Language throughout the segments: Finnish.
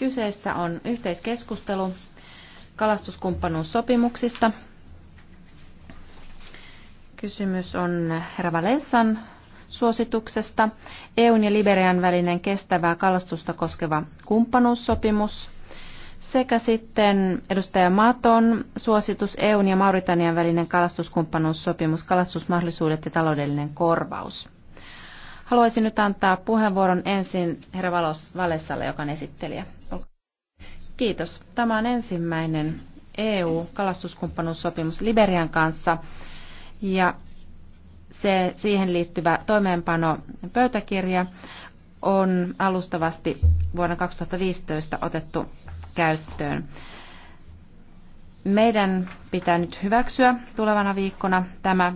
Kyseessä on yhteiskeskustelu kalastuskumppanuussopimuksista. Kysymys on herra Valensan suosituksesta. EUn ja Liberian välinen kestävää kalastusta koskeva kumppanuussopimus sekä sitten edustaja Maton suositus EUn ja Mauritanian välinen kalastuskumppanuussopimus, kalastusmahdollisuudet ja taloudellinen korvaus. Haluaisin nyt antaa puheenvuoron ensin herra Valos Valessalle, joka on esittelijä. Kiitos. Tämä on ensimmäinen EU-kalastuskumppanuussopimus Liberian kanssa ja se, siihen liittyvä toimeenpano pöytäkirja on alustavasti vuonna 2015 otettu käyttöön. Meidän pitää nyt hyväksyä tulevana viikkona tämä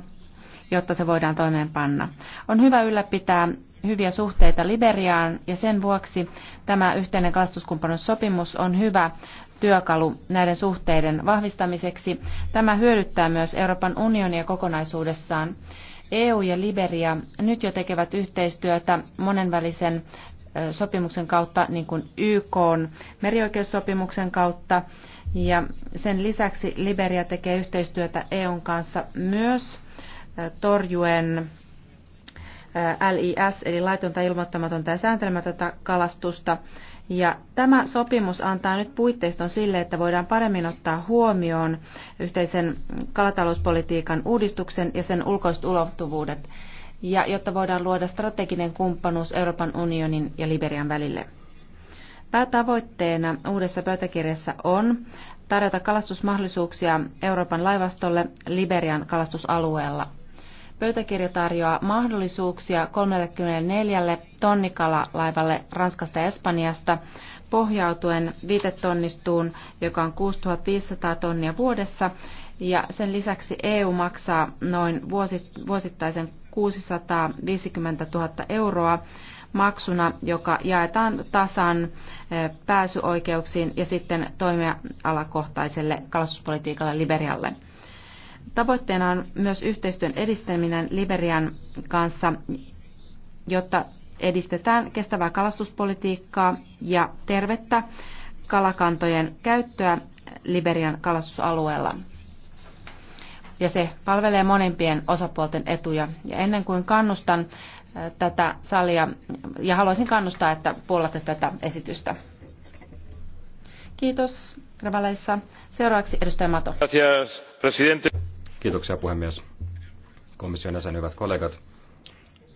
jotta se voidaan toimeenpanna. On hyvä ylläpitää hyviä suhteita Liberiaan ja sen vuoksi tämä yhteinen kalastuskumppanuussopimus on hyvä työkalu näiden suhteiden vahvistamiseksi. Tämä hyödyttää myös Euroopan unionia kokonaisuudessaan. EU ja Liberia nyt jo tekevät yhteistyötä monenvälisen sopimuksen kautta, niin kuin YK merioikeussopimuksen kautta. Ja sen lisäksi Liberia tekee yhteistyötä EUn kanssa myös torjuen LIS eli laitonta ilmoittamatonta ja sääntelemätöntä kalastusta. Ja tämä sopimus antaa nyt puitteiston sille, että voidaan paremmin ottaa huomioon yhteisen kalatalouspolitiikan uudistuksen ja sen ulkoiset ulottuvuudet, ja jotta voidaan luoda strateginen kumppanuus Euroopan unionin ja Liberian välille. Päätavoitteena uudessa pöytäkirjassa on tarjota kalastusmahdollisuuksia Euroopan laivastolle Liberian kalastusalueella – Pöytäkirja tarjoaa mahdollisuuksia 34 tonnikalalaivalle Ranskasta ja Espanjasta pohjautuen viitetonnistuun, joka on 6500 tonnia vuodessa. Ja sen lisäksi EU maksaa noin vuosittaisen 650 000 euroa maksuna, joka jaetaan tasan pääsyoikeuksiin ja sitten toimialakohtaiselle kalastuspolitiikalle Liberialle. Tavoitteena on myös yhteistyön edistäminen Liberian kanssa, jotta edistetään kestävää kalastuspolitiikkaa ja tervettä kalakantojen käyttöä Liberian kalastusalueella. Ja se palvelee monempien osapuolten etuja. Ja ennen kuin kannustan äh, tätä salia, ja haluaisin kannustaa, että puolatte tätä esitystä. Kiitos Ravaleissa. Seuraavaksi edustaja Mato. Gracias, presidente. Kiitoksia puhemies. Komission jäsen, hyvät kollegat.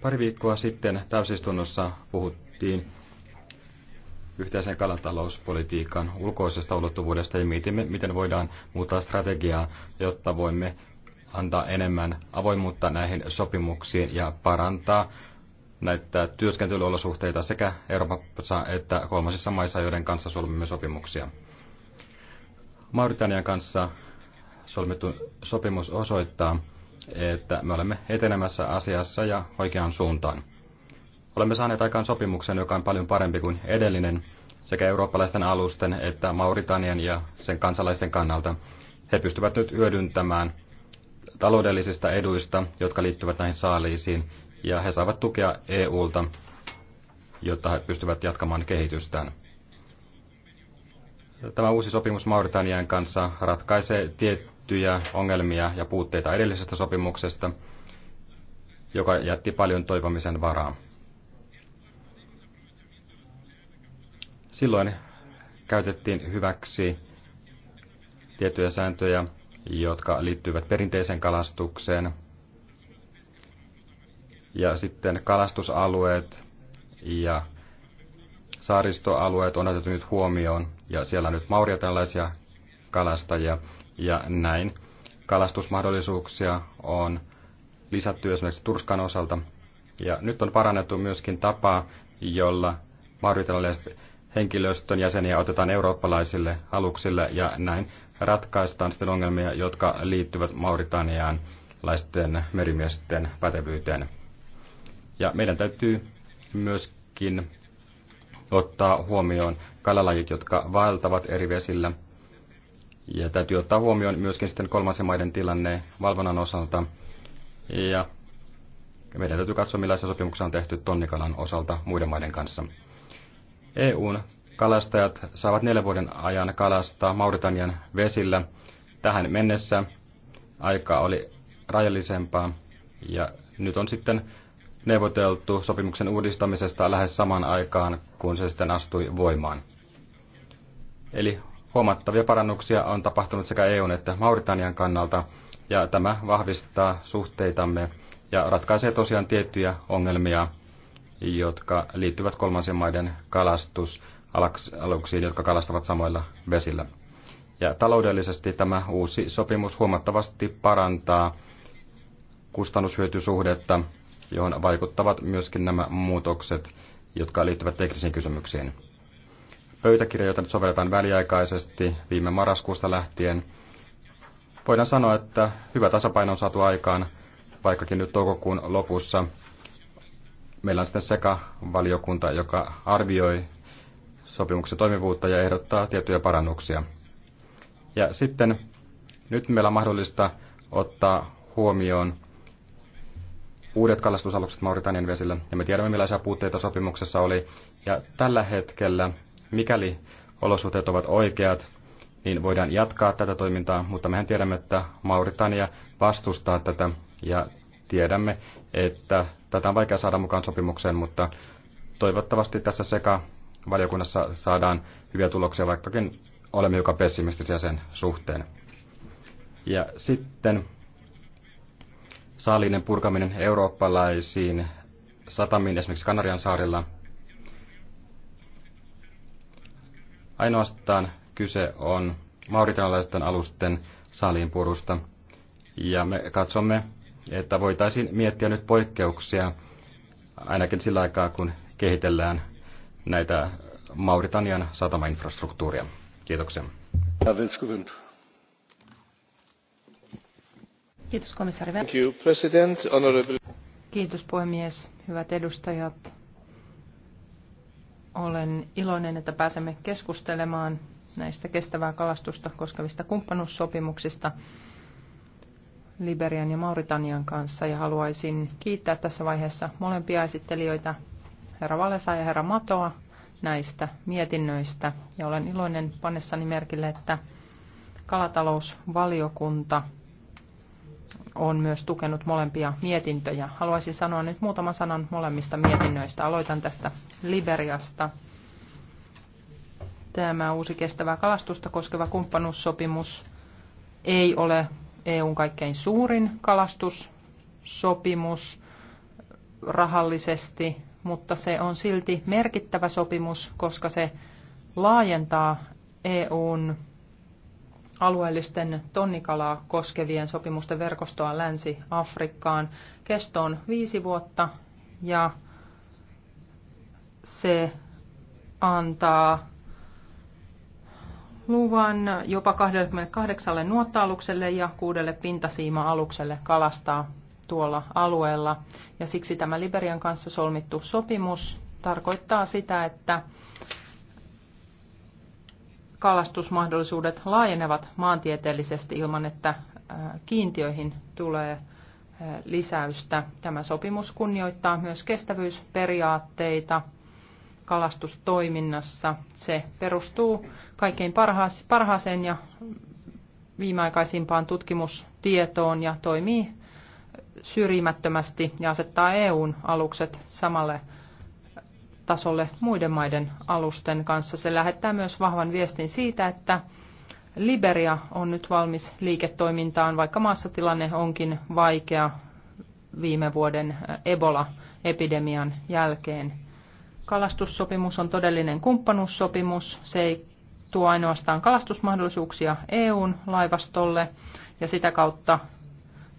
Pari viikkoa sitten täysistunnossa puhuttiin yhteisen kalatalouspolitiikan ulkoisesta ulottuvuudesta ja mietimme, miten voidaan muuttaa strategiaa, jotta voimme antaa enemmän avoimuutta näihin sopimuksiin ja parantaa näitä työskentelyolosuhteita sekä Euroopassa että kolmansissa maissa, joiden kanssa solmimme sopimuksia. Mauritanian kanssa solmittu sopimus osoittaa, että me olemme etenemässä asiassa ja oikeaan suuntaan. Olemme saaneet aikaan sopimuksen, joka on paljon parempi kuin edellinen sekä eurooppalaisten alusten että Mauritanian ja sen kansalaisten kannalta. He pystyvät nyt hyödyntämään taloudellisista eduista, jotka liittyvät näihin saaliisiin, ja he saavat tukea EUlta, jotta he pystyvät jatkamaan kehitystään. Tämä uusi sopimus Mauritanian kanssa ratkaisee tiettyjä tiettyjä ongelmia ja puutteita edellisestä sopimuksesta, joka jätti paljon toivomisen varaa. Silloin käytettiin hyväksi tiettyjä sääntöjä, jotka liittyvät perinteiseen kalastukseen. Ja sitten kalastusalueet ja saaristoalueet on otettu nyt huomioon, ja siellä on nyt mauria tällaisia kalastajia, ja näin kalastusmahdollisuuksia on lisätty esimerkiksi Turskan osalta. Ja nyt on parannettu myöskin tapaa, jolla mauritialaiset henkilöstön jäseniä otetaan eurooppalaisille aluksille ja näin ratkaistaan sitten ongelmia, jotka liittyvät Mauritaniaan laisten merimiesten pätevyyteen. Ja meidän täytyy myöskin ottaa huomioon kalalajit, jotka vaeltavat eri vesillä – ja täytyy ottaa huomioon myöskin sitten kolmansien maiden tilanne valvonnan osalta. Ja meidän täytyy katsoa, millaisia sopimuksia on tehty tonnikalan osalta muiden maiden kanssa. EUn kalastajat saavat neljän vuoden ajan kalastaa Mauritanian vesillä. Tähän mennessä aika oli rajallisempaa ja nyt on sitten neuvoteltu sopimuksen uudistamisesta lähes samaan aikaan, kun se sitten astui voimaan. Eli Huomattavia parannuksia on tapahtunut sekä EUn että Mauritanian kannalta, ja tämä vahvistaa suhteitamme ja ratkaisee tosiaan tiettyjä ongelmia, jotka liittyvät kolmansien maiden kalastusaluksiin, jotka kalastavat samoilla vesillä. Ja taloudellisesti tämä uusi sopimus huomattavasti parantaa kustannushyötysuhdetta, johon vaikuttavat myöskin nämä muutokset, jotka liittyvät teknisiin kysymyksiin pöytäkirja, jota nyt sovelletaan väliaikaisesti viime marraskuusta lähtien. Voidaan sanoa, että hyvä tasapaino on saatu aikaan, vaikkakin nyt toukokuun lopussa meillä on sitten sekavaliokunta, joka arvioi sopimuksen toimivuutta ja ehdottaa tiettyjä parannuksia. Ja sitten nyt meillä on mahdollista ottaa huomioon uudet kalastusalukset Mauritanian vesillä, ja me tiedämme millaisia puutteita sopimuksessa oli, ja tällä hetkellä Mikäli olosuhteet ovat oikeat, niin voidaan jatkaa tätä toimintaa, mutta mehän tiedämme, että Mauritania vastustaa tätä ja tiedämme, että tätä on vaikea saada mukaan sopimukseen, mutta toivottavasti tässä sekä valiokunnassa saadaan hyviä tuloksia, vaikkakin olemme hiukan pessimistisiä sen suhteen. Ja sitten saalinen purkaminen eurooppalaisiin satamiin, esimerkiksi Kanarian saarilla – Ainoastaan kyse on mauritanalaisten alusten saaliinpurusta. Ja me katsomme, että voitaisiin miettiä nyt poikkeuksia, ainakin sillä aikaa, kun kehitellään näitä Mauritanian satamainfrastruktuuria. Kiitoksia. Kiitos komissaari. Kiitos puhemies, hyvät edustajat. Olen iloinen, että pääsemme keskustelemaan näistä kestävää kalastusta koskevista kumppanuussopimuksista Liberian ja Mauritanian kanssa ja haluaisin kiittää tässä vaiheessa molempia esittelijöitä, herra Valesa ja herra Matoa, näistä mietinnöistä. Ja olen iloinen panessani merkille, että kalatalousvaliokunta – on myös tukenut molempia mietintöjä. Haluaisin sanoa nyt muutaman sanan molemmista mietinnöistä. Aloitan tästä Liberiasta. Tämä uusi kestävää kalastusta koskeva kumppanuussopimus ei ole EUn kaikkein suurin kalastussopimus rahallisesti, mutta se on silti merkittävä sopimus, koska se laajentaa EUn alueellisten tonnikalaa koskevien sopimusten verkostoa Länsi-Afrikkaan. Kesto on viisi vuotta ja se antaa luvan jopa 28 nuotta-alukselle ja kuudelle pintasiima-alukselle kalastaa tuolla alueella. Ja siksi tämä Liberian kanssa solmittu sopimus tarkoittaa sitä, että kalastusmahdollisuudet laajenevat maantieteellisesti ilman, että kiintiöihin tulee lisäystä. Tämä sopimus kunnioittaa myös kestävyysperiaatteita kalastustoiminnassa. Se perustuu kaikkein parhaaseen ja viimeaikaisimpaan tutkimustietoon ja toimii syrjimättömästi ja asettaa EUn alukset samalle tasolle muiden maiden alusten kanssa. Se lähettää myös vahvan viestin siitä, että Liberia on nyt valmis liiketoimintaan, vaikka maassa tilanne onkin vaikea viime vuoden Ebola-epidemian jälkeen. Kalastussopimus on todellinen kumppanuussopimus. Se ei tuo ainoastaan kalastusmahdollisuuksia EUn laivastolle ja sitä kautta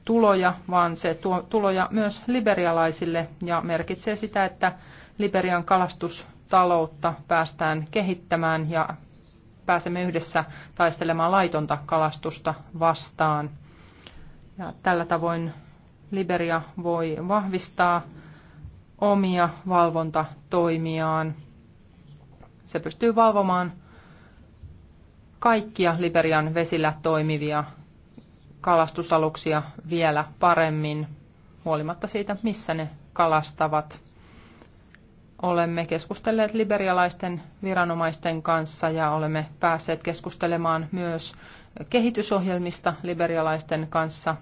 tuloja, vaan se tuo tuloja myös liberialaisille ja merkitsee sitä, että Liberian kalastustaloutta päästään kehittämään ja pääsemme yhdessä taistelemaan laitonta kalastusta vastaan. Ja tällä tavoin Liberia voi vahvistaa omia valvontatoimiaan. Se pystyy valvomaan kaikkia Liberian vesillä toimivia kalastusaluksia vielä paremmin, huolimatta siitä, missä ne kalastavat. Olemme keskustelleet liberialaisten viranomaisten kanssa ja olemme päässeet keskustelemaan myös kehitysohjelmista liberialaisten kanssa,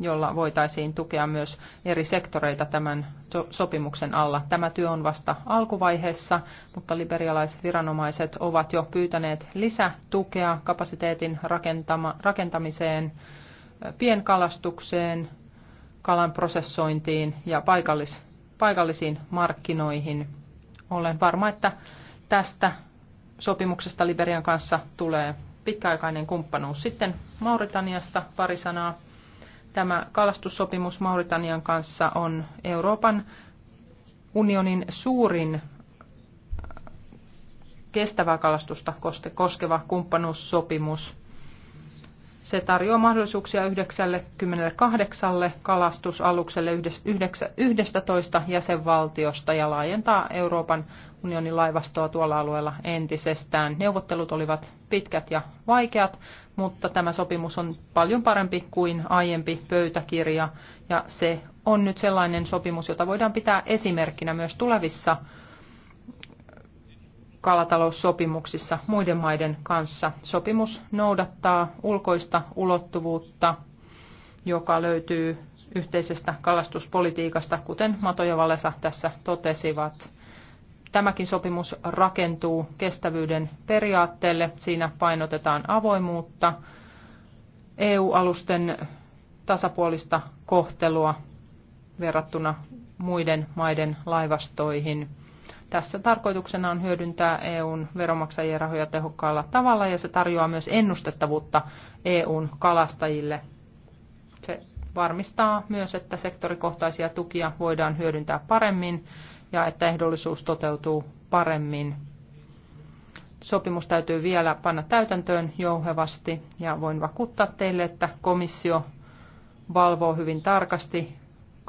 jolla voitaisiin tukea myös eri sektoreita tämän sopimuksen alla. Tämä työ on vasta alkuvaiheessa, mutta liberialaisviranomaiset ovat jo pyytäneet lisätukea kapasiteetin rakentamiseen pienkalastukseen, kalan prosessointiin ja paikallis, paikallisiin markkinoihin. Olen varma, että tästä sopimuksesta Liberian kanssa tulee pitkäaikainen kumppanuus. Sitten Mauritaniasta pari sanaa. Tämä kalastussopimus Mauritanian kanssa on Euroopan unionin suurin äh, kestävää kalastusta koskeva kumppanuussopimus. Se tarjoaa mahdollisuuksia 98 kalastusalukselle 11 jäsenvaltiosta ja laajentaa Euroopan unionin laivastoa tuolla alueella entisestään. Neuvottelut olivat pitkät ja vaikeat, mutta tämä sopimus on paljon parempi kuin aiempi pöytäkirja ja se on nyt sellainen sopimus, jota voidaan pitää esimerkkinä myös tulevissa kalataloussopimuksissa muiden maiden kanssa. Sopimus noudattaa ulkoista ulottuvuutta, joka löytyy yhteisestä kalastuspolitiikasta, kuten Mato ja Valesa tässä totesivat. Tämäkin sopimus rakentuu kestävyyden periaatteelle. Siinä painotetaan avoimuutta, EU-alusten tasapuolista kohtelua verrattuna muiden maiden laivastoihin – tässä tarkoituksena on hyödyntää EUn veromaksajien rahoja tehokkaalla tavalla ja se tarjoaa myös ennustettavuutta EUn kalastajille. Se varmistaa myös, että sektorikohtaisia tukia voidaan hyödyntää paremmin ja että ehdollisuus toteutuu paremmin. Sopimus täytyy vielä panna täytäntöön jouhevasti ja voin vakuuttaa teille, että komissio valvoo hyvin tarkasti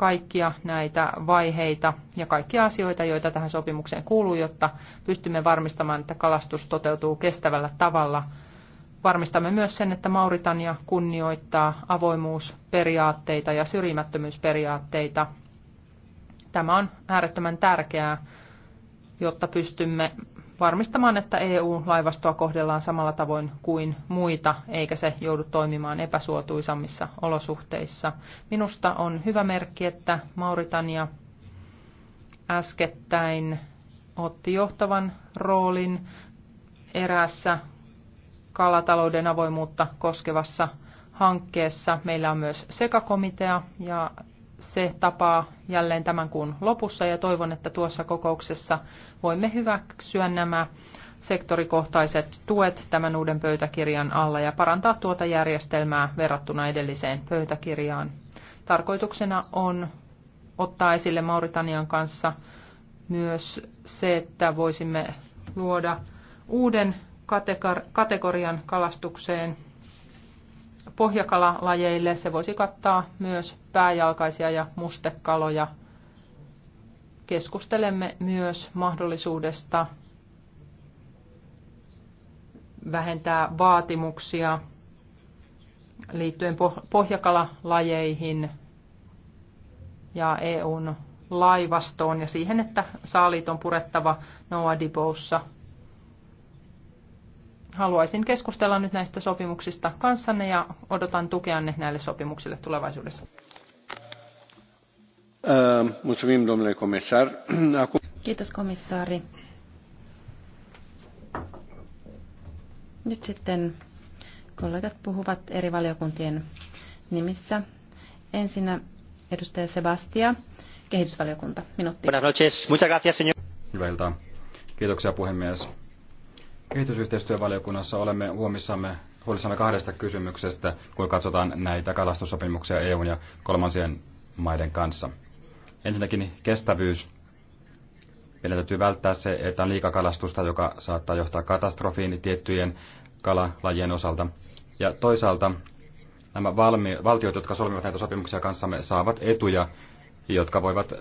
kaikkia näitä vaiheita ja kaikkia asioita, joita tähän sopimukseen kuuluu, jotta pystymme varmistamaan, että kalastus toteutuu kestävällä tavalla. Varmistamme myös sen, että Mauritania kunnioittaa avoimuusperiaatteita ja syrjimättömyysperiaatteita. Tämä on äärettömän tärkeää, jotta pystymme varmistamaan, että EU-laivastoa kohdellaan samalla tavoin kuin muita, eikä se joudu toimimaan epäsuotuisammissa olosuhteissa. Minusta on hyvä merkki, että Mauritania äskettäin otti johtavan roolin eräässä kalatalouden avoimuutta koskevassa hankkeessa. Meillä on myös sekakomitea ja se tapaa jälleen tämän kuun lopussa ja toivon, että tuossa kokouksessa voimme hyväksyä nämä sektorikohtaiset tuet tämän uuden pöytäkirjan alla ja parantaa tuota järjestelmää verrattuna edelliseen pöytäkirjaan. Tarkoituksena on ottaa esille Mauritanian kanssa myös se, että voisimme luoda uuden kategorian kalastukseen pohjakalalajeille. Se voisi kattaa myös pääjalkaisia ja mustekaloja. Keskustelemme myös mahdollisuudesta vähentää vaatimuksia liittyen pohjakalalajeihin ja EUn laivastoon ja siihen, että saaliit on purettava Dibossa haluaisin keskustella nyt näistä sopimuksista kanssanne ja odotan tukeanne näille sopimuksille tulevaisuudessa. Äh, Kiitos komissaari. Nyt sitten kollegat puhuvat eri valiokuntien nimissä. Ensinnä edustaja Sebastia, kehitysvaliokunta. Minuutti. Buenas noches. Muchas gracias, señor. Hyvää iltaa. Kiitoksia puhemies. Kehitysyhteistyövaliokunnassa olemme huomissamme huolissamme kahdesta kysymyksestä, kun katsotaan näitä kalastussopimuksia EUn ja kolmansien maiden kanssa. Ensinnäkin kestävyys. Meidän täytyy välttää se, että on liikakalastusta, joka saattaa johtaa katastrofiin tiettyjen kalalajien osalta. Ja toisaalta nämä valmi- valtiot, jotka solmivat näitä sopimuksia kanssamme, saavat etuja, jotka voivat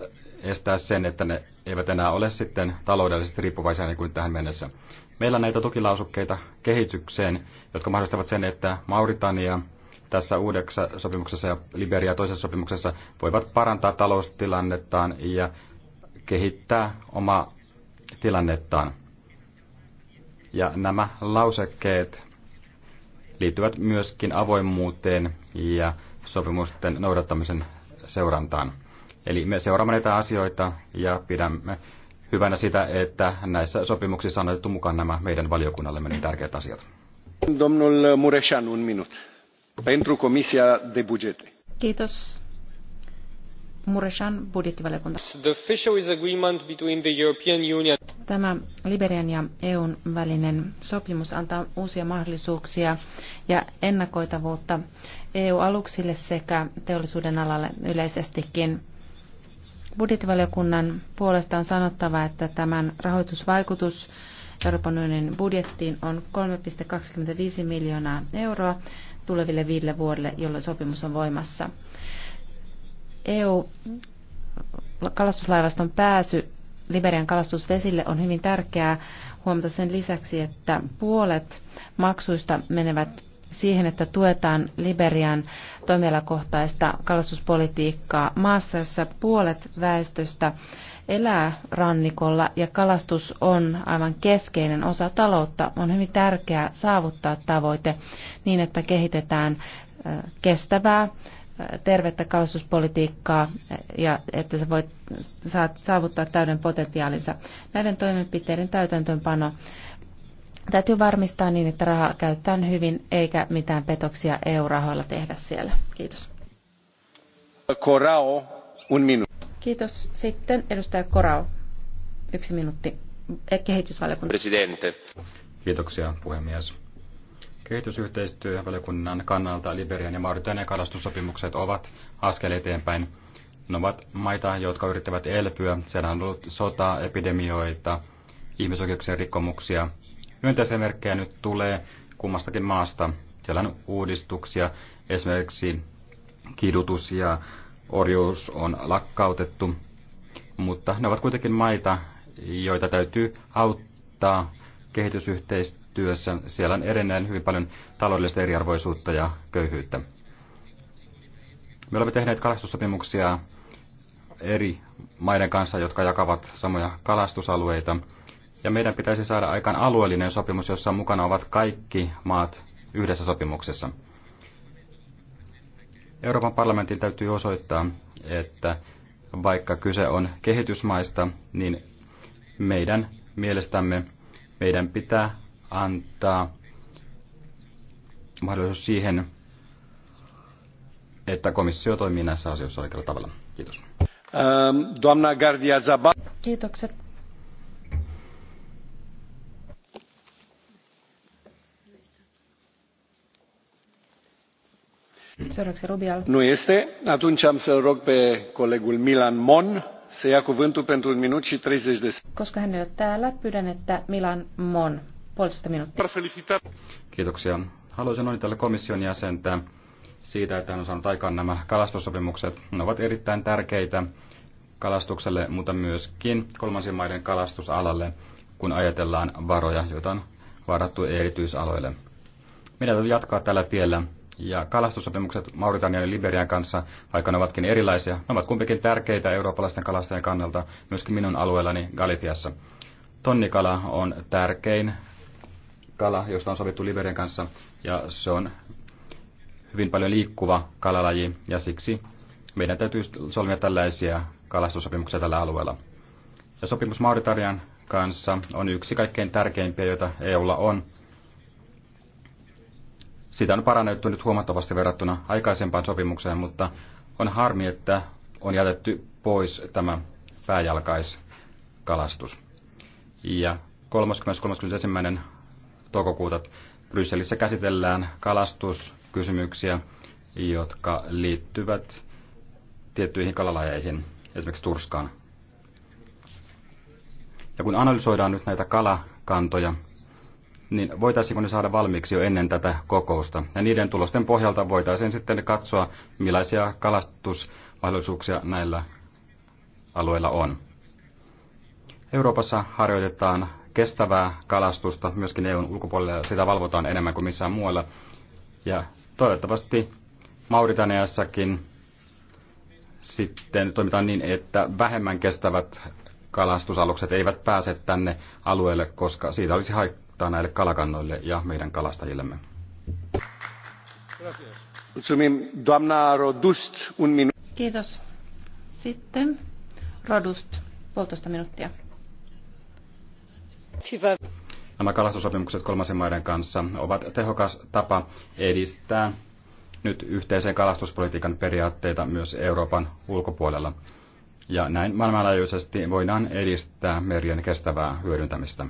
estää sen, että ne eivät enää ole sitten taloudellisesti riippuvaisia niin kuin tähän mennessä. Meillä on näitä tukilausukkeita kehitykseen, jotka mahdollistavat sen, että Mauritania tässä uudessa sopimuksessa ja Liberia toisessa sopimuksessa voivat parantaa taloustilannettaan ja kehittää omaa tilannettaan. Ja nämä lausekkeet liittyvät myöskin avoimuuteen ja sopimusten noudattamisen seurantaan. Eli me seuraamme näitä asioita ja pidämme hyvänä sitä, että näissä sopimuksissa on otettu mukaan nämä meidän valiokunnalle niin tärkeät asiat. Domnul Mureșan, un minut. Pentru Comisia de Bugete. Kiitos. Mureshan budjettivaliokunta. Tämä Liberian ja EUn välinen sopimus antaa uusia mahdollisuuksia ja ennakoitavuutta EU-aluksille sekä teollisuuden alalle yleisestikin. Budjettivaliokunnan puolesta on sanottava, että tämän rahoitusvaikutus Euroopan unionin budjettiin on 3,25 miljoonaa euroa tuleville viidelle vuodelle, jolloin sopimus on voimassa. EU-kalastuslaivaston pääsy Liberian kalastusvesille on hyvin tärkeää huomata sen lisäksi, että puolet maksuista menevät siihen, että tuetaan Liberian toimialakohtaista kalastuspolitiikkaa maassa, jossa puolet väestöstä elää rannikolla ja kalastus on aivan keskeinen osa taloutta. On hyvin tärkeää saavuttaa tavoite niin, että kehitetään kestävää tervettä kalastuspolitiikkaa ja että se voi saavuttaa täyden potentiaalinsa. Näiden toimenpiteiden täytäntöönpano Täytyy varmistaa niin, että rahaa käytetään hyvin eikä mitään petoksia EU-rahoilla tehdä siellä. Kiitos. Korao, un minu. Kiitos. Sitten edustaja Korao. Yksi minuutti. Eh, kehitysvaliokunta. Presidente. Kiitoksia, puhemies. Kehitysyhteistyövaliokunnan kannalta Liberian ja Mauritanian kalastussopimukset ovat askel eteenpäin. Ne ovat maita, jotka yrittävät elpyä. Siellä on ollut sota, epidemioita, ihmisoikeuksien rikkomuksia – myönteisiä merkkejä nyt tulee kummastakin maasta. Siellä on uudistuksia, esimerkiksi kidutus ja orjuus on lakkautettu, mutta ne ovat kuitenkin maita, joita täytyy auttaa kehitysyhteistyössä. Siellä on edelleen hyvin paljon taloudellista eriarvoisuutta ja köyhyyttä. Me olemme tehneet kalastussopimuksia eri maiden kanssa, jotka jakavat samoja kalastusalueita. Ja meidän pitäisi saada aikaan alueellinen sopimus, jossa mukana ovat kaikki maat yhdessä sopimuksessa. Euroopan parlamentin täytyy osoittaa, että vaikka kyse on kehitysmaista, niin meidän mielestämme meidän pitää antaa mahdollisuus siihen, että komissio toimii näissä asioissa oikealla tavalla. Kiitos. Ähm, doamna Gardia Zabal. Kiitokset Nu Milan Mon 30 Koska hän ei ole täällä, pyydän, että Milan Mon, puolitoista minuuttia. Kiitoksia. Haluaisin onnitella komission jäsentä siitä, että hän on saanut aikaan nämä kalastussopimukset. Ne ovat erittäin tärkeitä kalastukselle, mutta myöskin kolmansien maiden kalastusalalle, kun ajatellaan varoja, joita on varattu erityisaloille. Meidän täytyy jatkaa tällä tiellä ja kalastussopimukset Mauritanian ja Liberian kanssa, vaikka ne ovatkin erilaisia, ne ovat kumpikin tärkeitä eurooppalaisten kalastajien kannalta, myöskin minun alueellani Galifiassa. Tonnikala on tärkein kala, josta on sovittu Liberian kanssa, ja se on hyvin paljon liikkuva kalalaji, ja siksi meidän täytyy solmia tällaisia kalastussopimuksia tällä alueella. Ja sopimus Mauritanian kanssa on yksi kaikkein tärkeimpiä, joita EUlla on, sitä on parannettu nyt huomattavasti verrattuna aikaisempaan sopimukseen, mutta on harmi, että on jätetty pois tämä pääjalkaiskalastus. Ja 30.31. toukokuuta Brysselissä käsitellään kalastuskysymyksiä, jotka liittyvät tiettyihin kalalajeihin, esimerkiksi turskaan. Ja kun analysoidaan nyt näitä kalakantoja, niin voitaisiinko ne saada valmiiksi jo ennen tätä kokousta. Ja niiden tulosten pohjalta voitaisiin sitten katsoa, millaisia kalastusmahdollisuuksia näillä alueilla on. Euroopassa harjoitetaan kestävää kalastusta myöskin EUn ulkopuolella ja sitä valvotaan enemmän kuin missään muualla. Ja toivottavasti Mauritaniassakin sitten toimitaan niin, että vähemmän kestävät kalastusalukset eivät pääse tänne alueelle, koska siitä olisi haittaa näille kalakannoille ja meidän kalastajillemme. Kiitos. Sitten Rodust, puolitoista minuuttia. Nämä kalastusopimukset kolmansien maiden kanssa ovat tehokas tapa edistää nyt yhteisen kalastuspolitiikan periaatteita myös Euroopan ulkopuolella. Ja näin maailmanlaajuisesti voidaan edistää merien kestävää hyödyntämistä.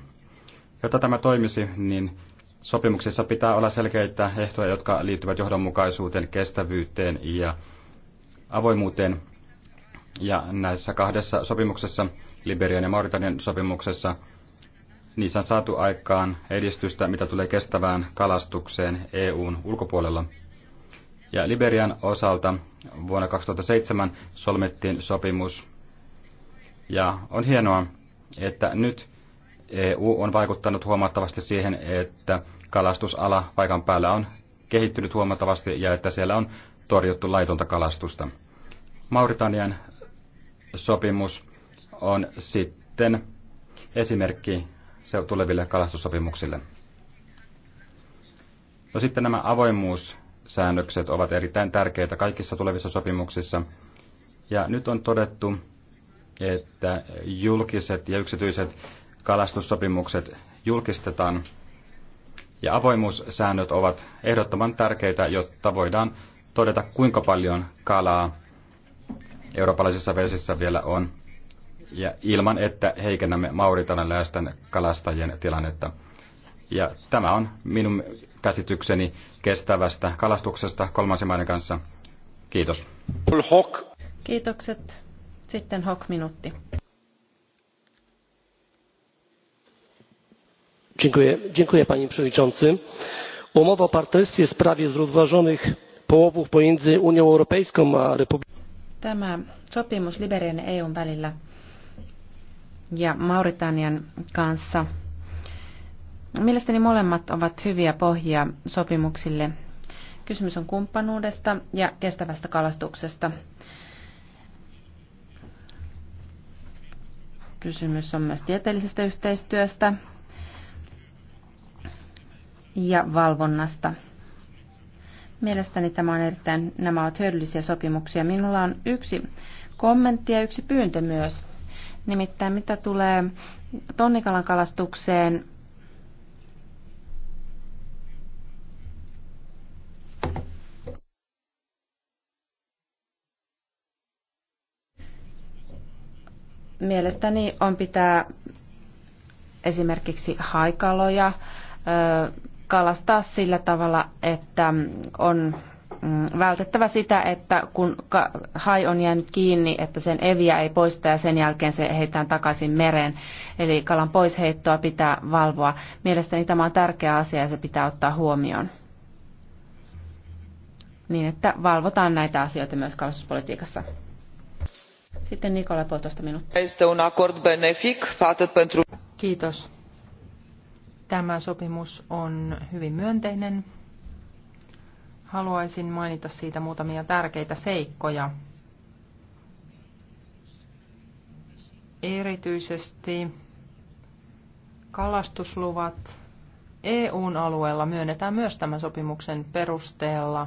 Jotta tämä toimisi, niin sopimuksissa pitää olla selkeitä ehtoja, jotka liittyvät johdonmukaisuuteen, kestävyyteen ja avoimuuteen. Ja näissä kahdessa sopimuksessa, Liberian ja Mauritanian sopimuksessa, niissä on saatu aikaan edistystä, mitä tulee kestävään kalastukseen EUn ulkopuolella. Ja Liberian osalta vuonna 2007 solmettiin sopimus. Ja on hienoa, että nyt EU on vaikuttanut huomattavasti siihen, että kalastusala paikan päällä on kehittynyt huomattavasti ja että siellä on torjuttu laitonta kalastusta. Mauritanian sopimus on sitten esimerkki se tuleville kalastussopimuksille. No sitten nämä avoimuussäännökset ovat erittäin tärkeitä kaikissa tulevissa sopimuksissa. Ja nyt on todettu, että julkiset ja yksityiset kalastussopimukset julkistetaan ja avoimuussäännöt ovat ehdottoman tärkeitä, jotta voidaan todeta, kuinka paljon kalaa eurooppalaisissa vesissä vielä on, ja ilman että heikennämme mauritanalaisten kalastajien tilannetta. Ja tämä on minun käsitykseni kestävästä kalastuksesta kolmansien maiden kanssa. Kiitos. Kiitokset. Sitten Hok minuutti. panie przewodniczący! umowa o partnerstwie w sprawie zrównoważonych połowów pomiędzy unią europejską a republiką. tämä sopimus liberian ja eun välillä ja mauritanian kanssa mielestäni molemmat ovat hyviä pohjia sopimuksille. kysymys on kumppanuudesta ja kestävästä kalastuksesta. Kysymys on myös tieteellisestä yhteistyöstä ja valvonnasta. Mielestäni tämä on erittäin, nämä ovat hyödyllisiä sopimuksia. Minulla on yksi kommentti ja yksi pyyntö myös. Nimittäin mitä tulee tonnikalan kalastukseen, mielestäni on pitää esimerkiksi haikaloja, kalastaa sillä tavalla, että mm, on mm, vältettävä sitä, että kun hai on jäänyt kiinni, että sen eviä ei poista ja sen jälkeen se heitään takaisin mereen. Eli kalan poisheittoa pitää valvoa. Mielestäni tämä on tärkeä asia ja se pitää ottaa huomioon. Niin, että valvotaan näitä asioita myös kalastuspolitiikassa. Sitten Nikola, puolitoista minuuttia. Kiitos Tämä sopimus on hyvin myönteinen. Haluaisin mainita siitä muutamia tärkeitä seikkoja. Erityisesti kalastusluvat EUn alueella myönnetään myös tämän sopimuksen perusteella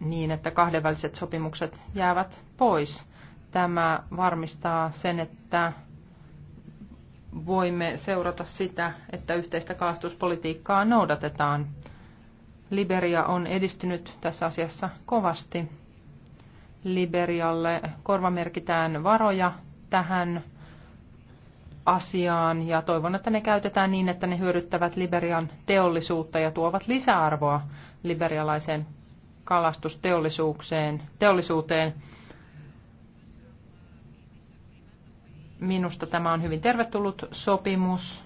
niin, että kahdenväliset sopimukset jäävät pois. Tämä varmistaa sen, että voimme seurata sitä, että yhteistä kalastuspolitiikkaa noudatetaan. Liberia on edistynyt tässä asiassa kovasti. Liberialle korvamerkitään varoja tähän asiaan ja toivon, että ne käytetään niin, että ne hyödyttävät Liberian teollisuutta ja tuovat lisäarvoa liberialaiseen kalastusteollisuuteen. Minusta tämä on hyvin tervetullut sopimus.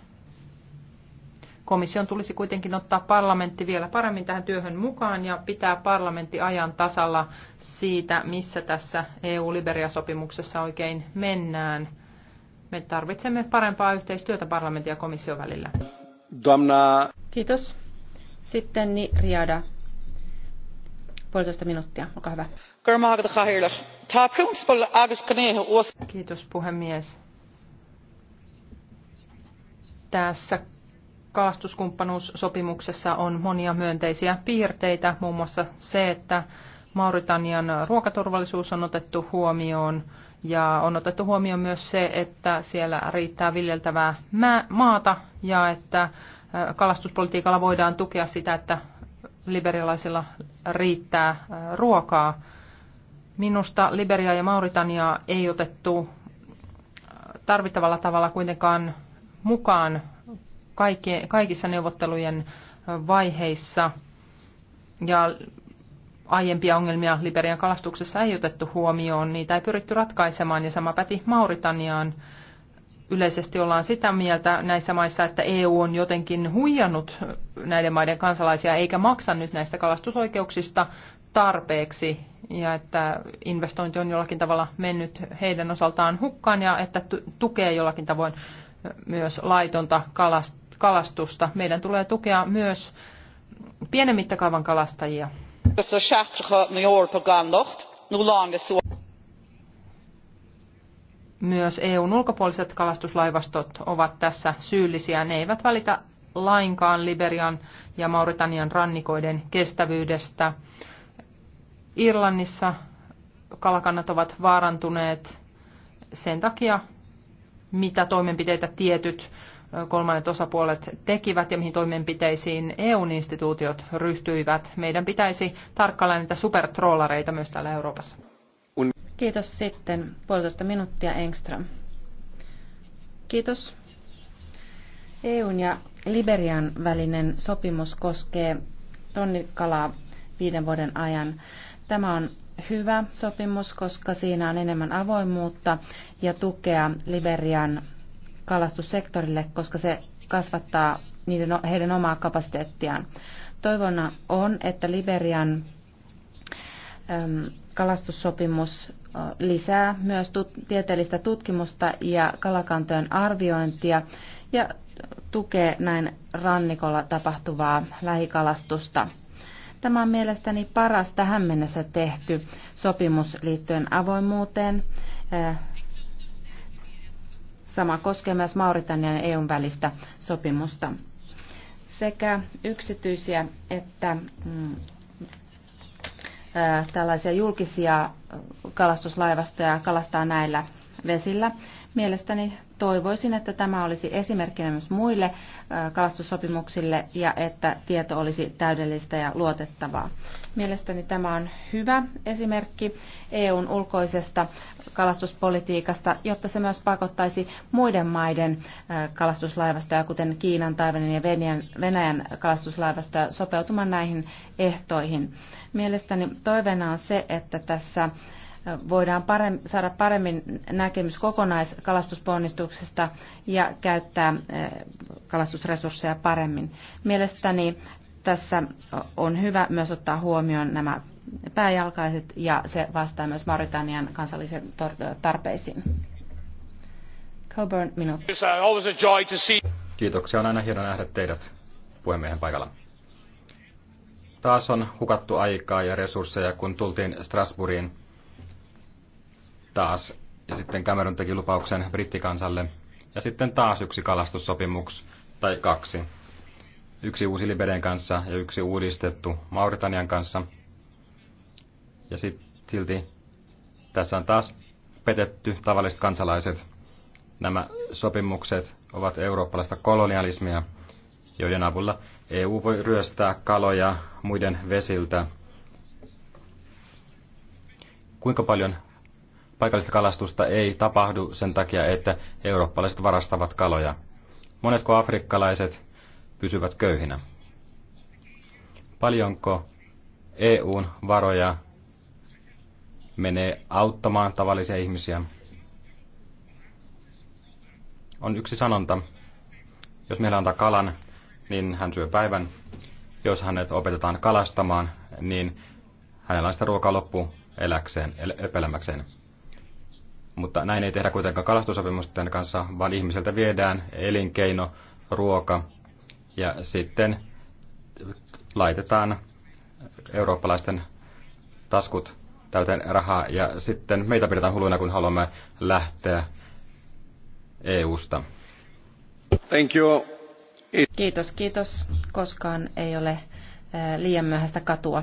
Komission tulisi kuitenkin ottaa parlamentti vielä paremmin tähän työhön mukaan ja pitää parlamentti ajan tasalla siitä, missä tässä EU-Liberia-sopimuksessa oikein mennään. Me tarvitsemme parempaa yhteistyötä parlamentin ja komission välillä. Domna. Kiitos. Sitten Riada Puolitoista minuuttia, olkaa hyvä. Kiitos puhemies. Tässä kalastuskumppanuussopimuksessa on monia myönteisiä piirteitä, muun muassa se, että Mauritanian ruokaturvallisuus on otettu huomioon ja on otettu huomioon myös se, että siellä riittää viljeltävää maata ja että kalastuspolitiikalla voidaan tukea sitä, että liberialaisilla riittää ruokaa. Minusta Liberia ja Mauritania ei otettu tarvittavalla tavalla kuitenkaan mukaan kaikissa neuvottelujen vaiheissa ja aiempia ongelmia Liberian kalastuksessa ei otettu huomioon, niitä ei pyritty ratkaisemaan ja sama päti Mauritaniaan yleisesti ollaan sitä mieltä näissä maissa, että EU on jotenkin huijannut näiden maiden kansalaisia eikä maksa nyt näistä kalastusoikeuksista tarpeeksi ja että investointi on jollakin tavalla mennyt heidän osaltaan hukkaan ja että tukee jollakin tavoin myös laitonta kalastusta. Meidän tulee tukea myös pienen mittakaavan kalastajia myös EUn ulkopuoliset kalastuslaivastot ovat tässä syyllisiä. Ne eivät välitä lainkaan Liberian ja Mauritanian rannikoiden kestävyydestä. Irlannissa kalakannat ovat vaarantuneet sen takia, mitä toimenpiteitä tietyt kolmannet osapuolet tekivät ja mihin toimenpiteisiin EU-instituutiot ryhtyivät. Meidän pitäisi tarkkailla niitä supertrollareita myös täällä Euroopassa. Kiitos sitten. Puolitoista minuuttia Engström. Kiitos. EUn ja Liberian välinen sopimus koskee tonnikalaa viiden vuoden ajan. Tämä on hyvä sopimus, koska siinä on enemmän avoimuutta ja tukea Liberian kalastussektorille, koska se kasvattaa niiden, heidän omaa kapasiteettiaan. Toivona on, että Liberian kalastussopimus lisää myös tieteellistä tutkimusta ja kalakantojen arviointia ja tukee näin rannikolla tapahtuvaa lähikalastusta. Tämä on mielestäni paras tähän mennessä tehty sopimus liittyen avoimuuteen. Sama koskee myös Mauritanian ja EUn välistä sopimusta. Sekä yksityisiä että mm, tällaisia julkisia kalastuslaivastoja kalastaa näillä vesillä. Mielestäni Toivoisin, että tämä olisi esimerkkinä myös muille kalastussopimuksille ja että tieto olisi täydellistä ja luotettavaa. Mielestäni tämä on hyvä esimerkki EUn ulkoisesta kalastuspolitiikasta, jotta se myös pakottaisi muiden maiden kalastuslaivastoja, kuten Kiinan, Taiwanin ja Venäjän kalastuslaivastoja, sopeutumaan näihin ehtoihin. Mielestäni toiveena on se, että tässä voidaan parem, saada paremmin näkemys kokonaiskalastusponnistuksesta ja käyttää eh, kalastusresursseja paremmin. Mielestäni tässä on hyvä myös ottaa huomioon nämä pääjalkaiset ja se vastaa myös Mauritanian kansallisiin tarpeisiin. Coburn, minuutti. Uh, Kiitoksia, on aina hieno nähdä teidät puhemiehen paikalla. Taas on hukattu aikaa ja resursseja, kun tultiin Strasbourgiin taas. Ja sitten Cameron teki lupauksen brittikansalle. Ja sitten taas yksi kalastussopimus, tai kaksi. Yksi uusi Liberian kanssa ja yksi uudistettu Mauritanian kanssa. Ja sitten silti tässä on taas petetty tavalliset kansalaiset. Nämä sopimukset ovat eurooppalaista kolonialismia, joiden avulla EU voi ryöstää kaloja muiden vesiltä. Kuinka paljon paikallista kalastusta ei tapahdu sen takia, että eurooppalaiset varastavat kaloja. Monetko afrikkalaiset pysyvät köyhinä? Paljonko EUn varoja menee auttamaan tavallisia ihmisiä? On yksi sanonta. Jos meillä antaa kalan, niin hän syö päivän. Jos hänet opetetaan kalastamaan, niin hänellä on sitä ruokaa loppu eläkseen, elämäkseen. Mutta näin ei tehdä kuitenkaan kalastusopimusten kanssa, vaan ihmiseltä viedään elinkeino, ruoka ja sitten laitetaan eurooppalaisten taskut täyteen rahaa ja sitten meitä pidetään huluina, kun haluamme lähteä EU-sta. Thank you. Kiitos, kiitos. Koskaan ei ole eh, liian myöhäistä katua.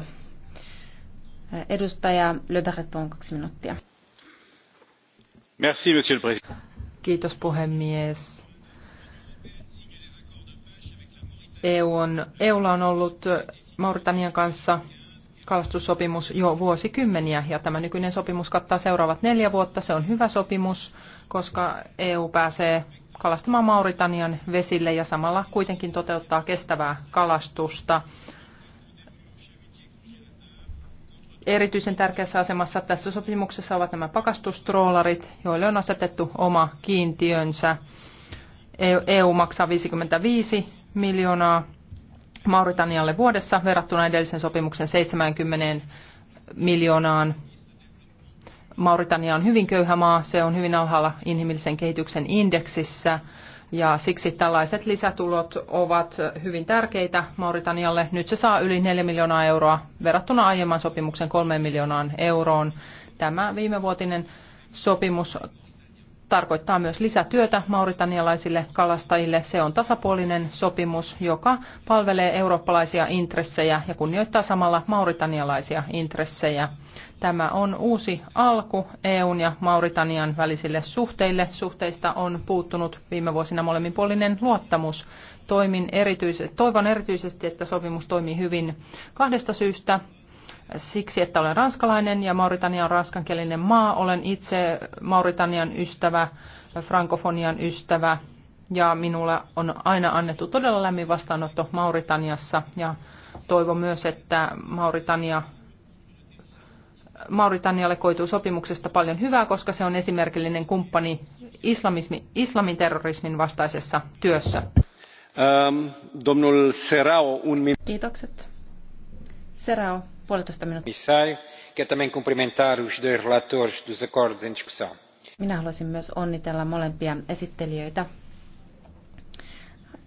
Eh, edustaja Le Barreton, kaksi minuuttia arvoisa Kiitos puhemies. EU on, e on ollut Mauritanian kanssa kalastussopimus jo vuosikymmeniä ja tämä nykyinen sopimus kattaa seuraavat neljä vuotta. Se on hyvä sopimus, koska EU pääsee kalastamaan Mauritanian vesille ja samalla kuitenkin toteuttaa kestävää kalastusta. Erityisen tärkeässä asemassa tässä sopimuksessa ovat nämä pakastustroolarit, joille on asetettu oma kiintiönsä. EU e maksaa 55 miljoonaa Mauritanialle vuodessa verrattuna edellisen sopimuksen 70 miljoonaan. Mauritania on hyvin köyhä maa, se on hyvin alhaalla inhimillisen kehityksen indeksissä ja siksi tällaiset lisätulot ovat hyvin tärkeitä Mauritanialle. Nyt se saa yli 4 miljoonaa euroa verrattuna aiemman sopimuksen 3 miljoonaan euroon. Tämä viimevuotinen sopimus tarkoittaa myös lisätyötä mauritanialaisille kalastajille. Se on tasapuolinen sopimus, joka palvelee eurooppalaisia intressejä ja kunnioittaa samalla mauritanialaisia intressejä. Tämä on uusi alku EUn ja Mauritanian välisille suhteille. Suhteista on puuttunut viime vuosina molemminpuolinen luottamus. Toimin erityis- toivon erityisesti, että sopimus toimii hyvin kahdesta syystä. Siksi, että olen ranskalainen ja Mauritania on ranskankielinen maa. Olen itse Mauritanian ystävä, frankofonian ystävä ja minulle on aina annettu todella lämmin vastaanotto Mauritaniassa ja toivon myös, että Mauritania Mauritanialle koituu sopimuksesta paljon hyvää, koska se on esimerkillinen kumppani islamismi, islamin terrorismin vastaisessa työssä. Ähm, domnul Serao, un min... Kiitokset. Serao, puolitoista minuuttia. Minä haluaisin myös onnitella molempia esittelijöitä.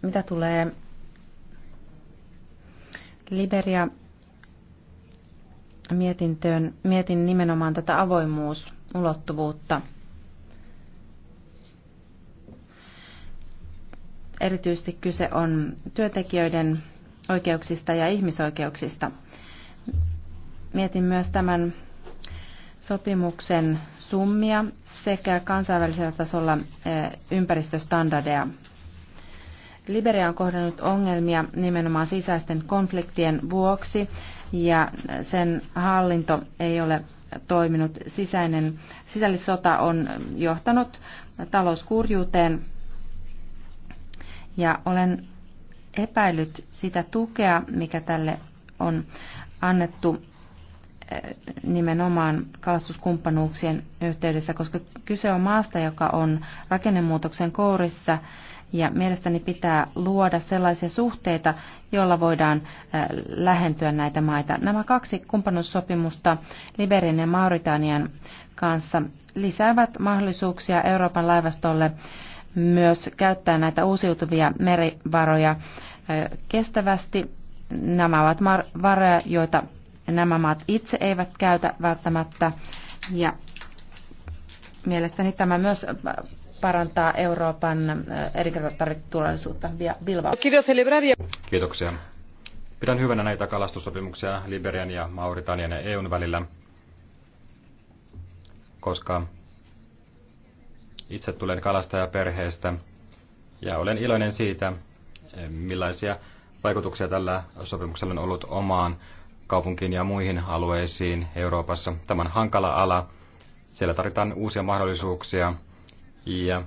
Mitä tulee Liberia mietintöön, mietin nimenomaan tätä avoimuusulottuvuutta. Erityisesti kyse on työntekijöiden oikeuksista ja ihmisoikeuksista. Mietin myös tämän sopimuksen summia sekä kansainvälisellä tasolla eh, ympäristöstandardeja. Liberia on kohdannut ongelmia nimenomaan sisäisten konfliktien vuoksi ja sen hallinto ei ole toiminut. Sisäinen, sisällissota on johtanut talouskurjuuteen ja olen epäillyt sitä tukea, mikä tälle on annettu eh, nimenomaan kalastuskumppanuuksien yhteydessä, koska kyse on maasta, joka on rakennemuutoksen kourissa ja mielestäni pitää luoda sellaisia suhteita, joilla voidaan äh, lähentyä näitä maita. Nämä kaksi kumppanuussopimusta Liberin ja Mauritanian kanssa lisäävät mahdollisuuksia Euroopan laivastolle myös käyttää näitä uusiutuvia merivaroja äh, kestävästi. Nämä ovat varoja, joita nämä maat itse eivät käytä välttämättä. Ja mielestäni tämä myös parantaa Euroopan elintarviketurvallisuutta Bilbao. Kiitoksia. Pidän hyvänä näitä kalastussopimuksia Liberian ja Mauritanian ja EUn välillä, koska itse tulen kalastajaperheestä ja olen iloinen siitä, millaisia vaikutuksia tällä sopimuksella on ollut omaan kaupunkiin ja muihin alueisiin Euroopassa. Tämän hankala ala, siellä tarvitaan uusia mahdollisuuksia ja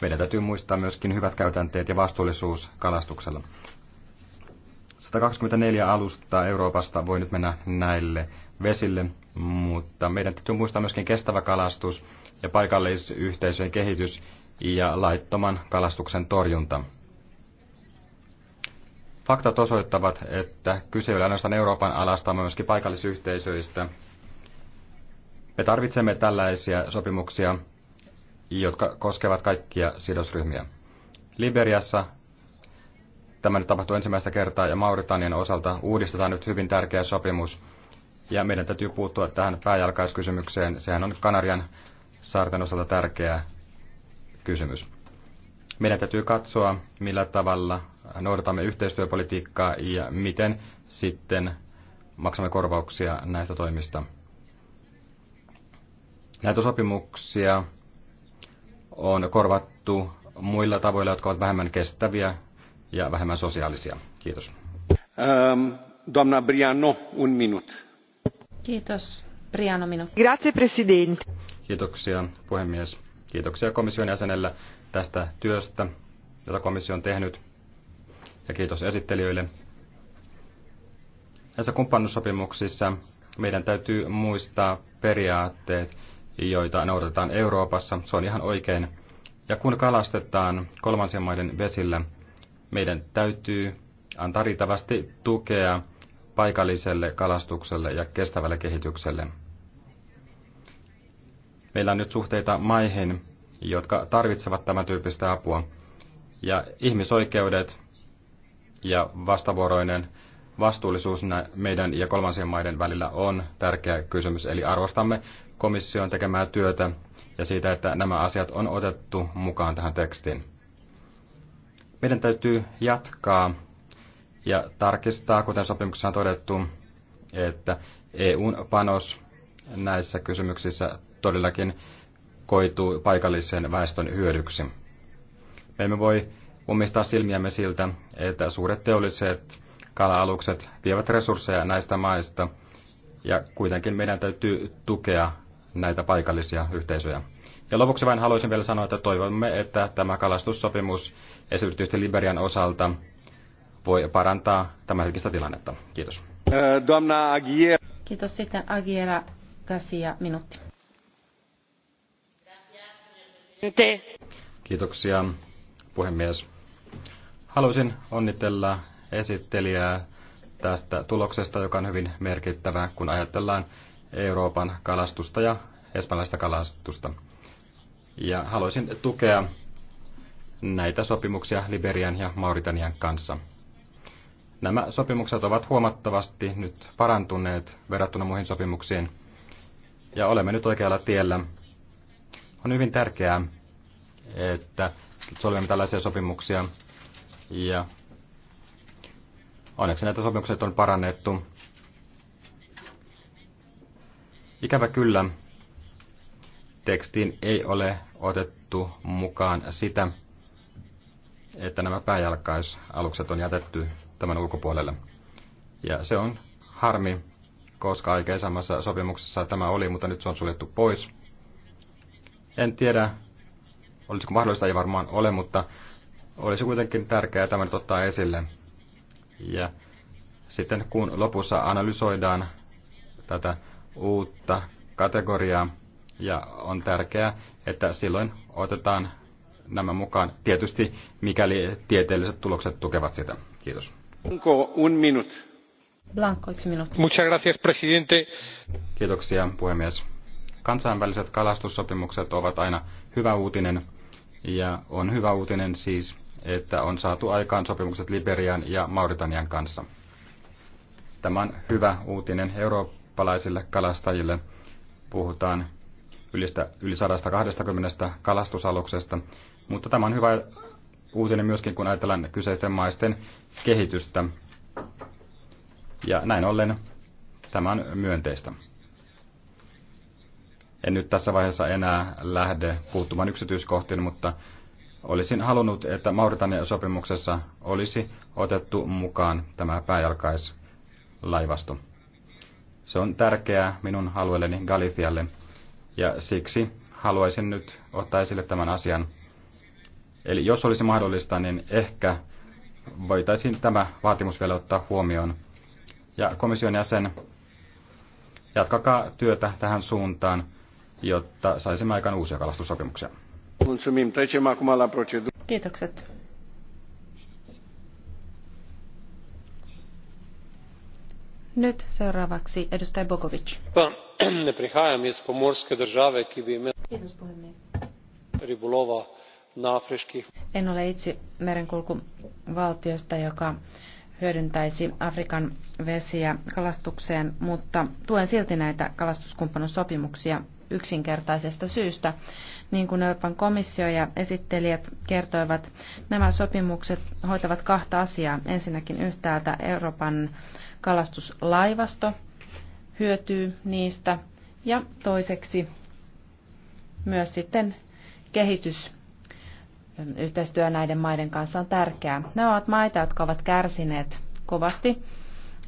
meidän täytyy muistaa myöskin hyvät käytänteet ja vastuullisuus kalastuksella. 124 alusta Euroopasta voi nyt mennä näille vesille, mutta meidän täytyy muistaa myöskin kestävä kalastus ja paikallisyhteisöjen kehitys ja laittoman kalastuksen torjunta. Faktat osoittavat, että kyse ei ole ainoastaan Euroopan alasta, vaan myöskin paikallisyhteisöistä. Me tarvitsemme tällaisia sopimuksia, jotka koskevat kaikkia sidosryhmiä. Liberiassa tämä nyt tapahtui ensimmäistä kertaa ja Mauritanian osalta uudistetaan nyt hyvin tärkeä sopimus. Ja meidän täytyy puuttua tähän pääjalkaiskysymykseen. Sehän on Kanarian saarten osalta tärkeä kysymys. Meidän täytyy katsoa, millä tavalla noudatamme yhteistyöpolitiikkaa ja miten sitten maksamme korvauksia näistä toimista. Näitä sopimuksia on korvattu muilla tavoilla, jotka ovat vähemmän kestäviä ja vähemmän sosiaalisia. Kiitos. Ähm, Donna Briano, un minut. Kiitos. Briano, minut. Grazie, presidente. Kiitoksia, puhemies. Kiitoksia komission jäsenelle tästä työstä, jota komissio on tehnyt. Ja kiitos esittelijöille. Näissä kumppannussopimuksissa meidän täytyy muistaa periaatteet, joita noudatetaan Euroopassa. Se on ihan oikein. Ja kun kalastetaan kolmansien maiden vesillä, meidän täytyy antaa riittävästi tukea paikalliselle kalastukselle ja kestävälle kehitykselle. Meillä on nyt suhteita maihin, jotka tarvitsevat tämän tyyppistä apua. Ja ihmisoikeudet ja vastavuoroinen vastuullisuus meidän ja kolmansien maiden välillä on tärkeä kysymys. Eli arvostamme komission tekemää työtä ja siitä, että nämä asiat on otettu mukaan tähän tekstiin. Meidän täytyy jatkaa ja tarkistaa, kuten sopimuksessa on todettu, että EUn panos näissä kysymyksissä todellakin koituu paikallisen väestön hyödyksi. Me emme voi ummistaa silmiämme siltä, että suuret teolliset kala-alukset vievät resursseja näistä maista, ja kuitenkin meidän täytyy tukea näitä paikallisia yhteisöjä. Ja lopuksi vain haluaisin vielä sanoa, että toivomme, että tämä kalastussopimus esimerkiksi Liberian osalta voi parantaa hetkistä tilannetta. Kiitos. Äh, Kiitos sitten Agiera Garcia, minuutti. Kiitoksia, puhemies. Haluaisin onnitella esittelijää tästä tuloksesta, joka on hyvin merkittävä, kun ajatellaan Euroopan kalastusta ja espanjalaista kalastusta. Ja haluaisin tukea näitä sopimuksia Liberian ja Mauritanian kanssa. Nämä sopimukset ovat huomattavasti nyt parantuneet verrattuna muihin sopimuksiin, ja olemme nyt oikealla tiellä. On hyvin tärkeää, että solmimme tällaisia sopimuksia, ja onneksi näitä sopimuksia on parannettu, Ikävä kyllä, tekstiin ei ole otettu mukaan sitä, että nämä pääjalkaisalukset on jätetty tämän ulkopuolelle. Ja se on harmi, koska aikaisemmassa sopimuksessa tämä oli, mutta nyt se on suljettu pois. En tiedä, olisiko mahdollista, ei varmaan ole, mutta olisi kuitenkin tärkeää tämän ottaa esille. Ja sitten kun lopussa analysoidaan tätä uutta kategoriaa ja on tärkeää, että silloin otetaan nämä mukaan, tietysti mikäli tieteelliset tulokset tukevat sitä. Kiitos. Blanco, un minut. Blanco, yksi minuutti. Muchas gracias, presidente. Kiitoksia, puhemies. Kansainväliset kalastussopimukset ovat aina hyvä uutinen, ja on hyvä uutinen siis, että on saatu aikaan sopimukset Liberian ja Mauritanian kanssa. Tämä on hyvä uutinen Euroopan eurooppalaisille kalastajille. Puhutaan yli 120 kalastusaluksesta, mutta tämä on hyvä uutinen myöskin, kun ajatellaan kyseisten maisten kehitystä. Ja näin ollen tämä on myönteistä. En nyt tässä vaiheessa enää lähde puuttumaan yksityiskohtiin, mutta olisin halunnut, että Mauritanian sopimuksessa olisi otettu mukaan tämä pääjalkaislaivasto. Se on tärkeää minun alueelleni Galicialle ja siksi haluaisin nyt ottaa esille tämän asian. Eli jos olisi mahdollista, niin ehkä voitaisiin tämä vaatimus vielä ottaa huomioon. Ja komission jäsen, jatkakaa työtä tähän suuntaan, jotta saisimme aikaan uusia kalastussopimuksia. Kiitokset. Nyt seuraavaksi edustaja Bogovic. Ne prihajam iz pomorske države, ki bi imel Kiitos na afriški. En ole itse merenkulkuvaltiosta, joka hyödyntäisi Afrikan vesiä kalastukseen, mutta tuen silti näitä kalastuskumppanuussopimuksia yksinkertaisesta syystä. Niin kuin Euroopan komissio ja esittelijät kertoivat, nämä sopimukset hoitavat kahta asiaa. Ensinnäkin yhtäältä Euroopan kalastuslaivasto hyötyy niistä ja toiseksi myös sitten kehitys yhteistyö näiden maiden kanssa on tärkeää. Nämä ovat maita, jotka ovat kärsineet kovasti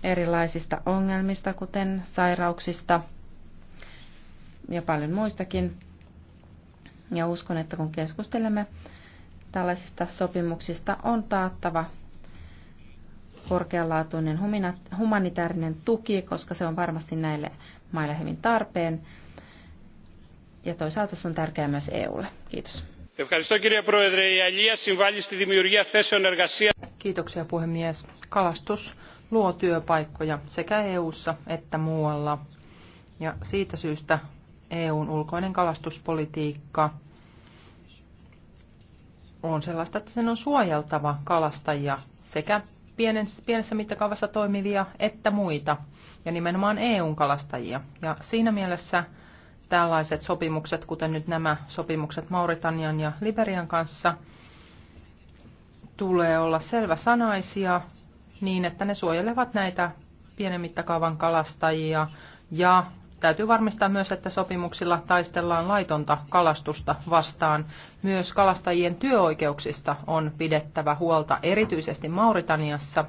erilaisista ongelmista, kuten sairauksista ja paljon muistakin. Ja uskon, että kun keskustelemme tällaisista sopimuksista, on taattava korkealaatuinen humanitaarinen tuki, koska se on varmasti näille maille hyvin tarpeen. Ja toisaalta se on tärkeää myös EUlle. Kiitos. Kiitoksia puhemies. Kalastus luo työpaikkoja sekä EU:ssa että muualla. Ja siitä syystä EUn ulkoinen kalastuspolitiikka on sellaista, että sen on suojeltava kalastajia sekä pienessä mittakaavassa toimivia että muita, ja nimenomaan eu kalastajia. Ja siinä mielessä tällaiset sopimukset, kuten nyt nämä sopimukset Mauritanian ja Liberian kanssa, tulee olla selväsanaisia niin, että ne suojelevat näitä pienen mittakaavan kalastajia ja Täytyy varmistaa myös, että sopimuksilla taistellaan laitonta kalastusta vastaan. Myös kalastajien työoikeuksista on pidettävä huolta, erityisesti Mauritaniassa.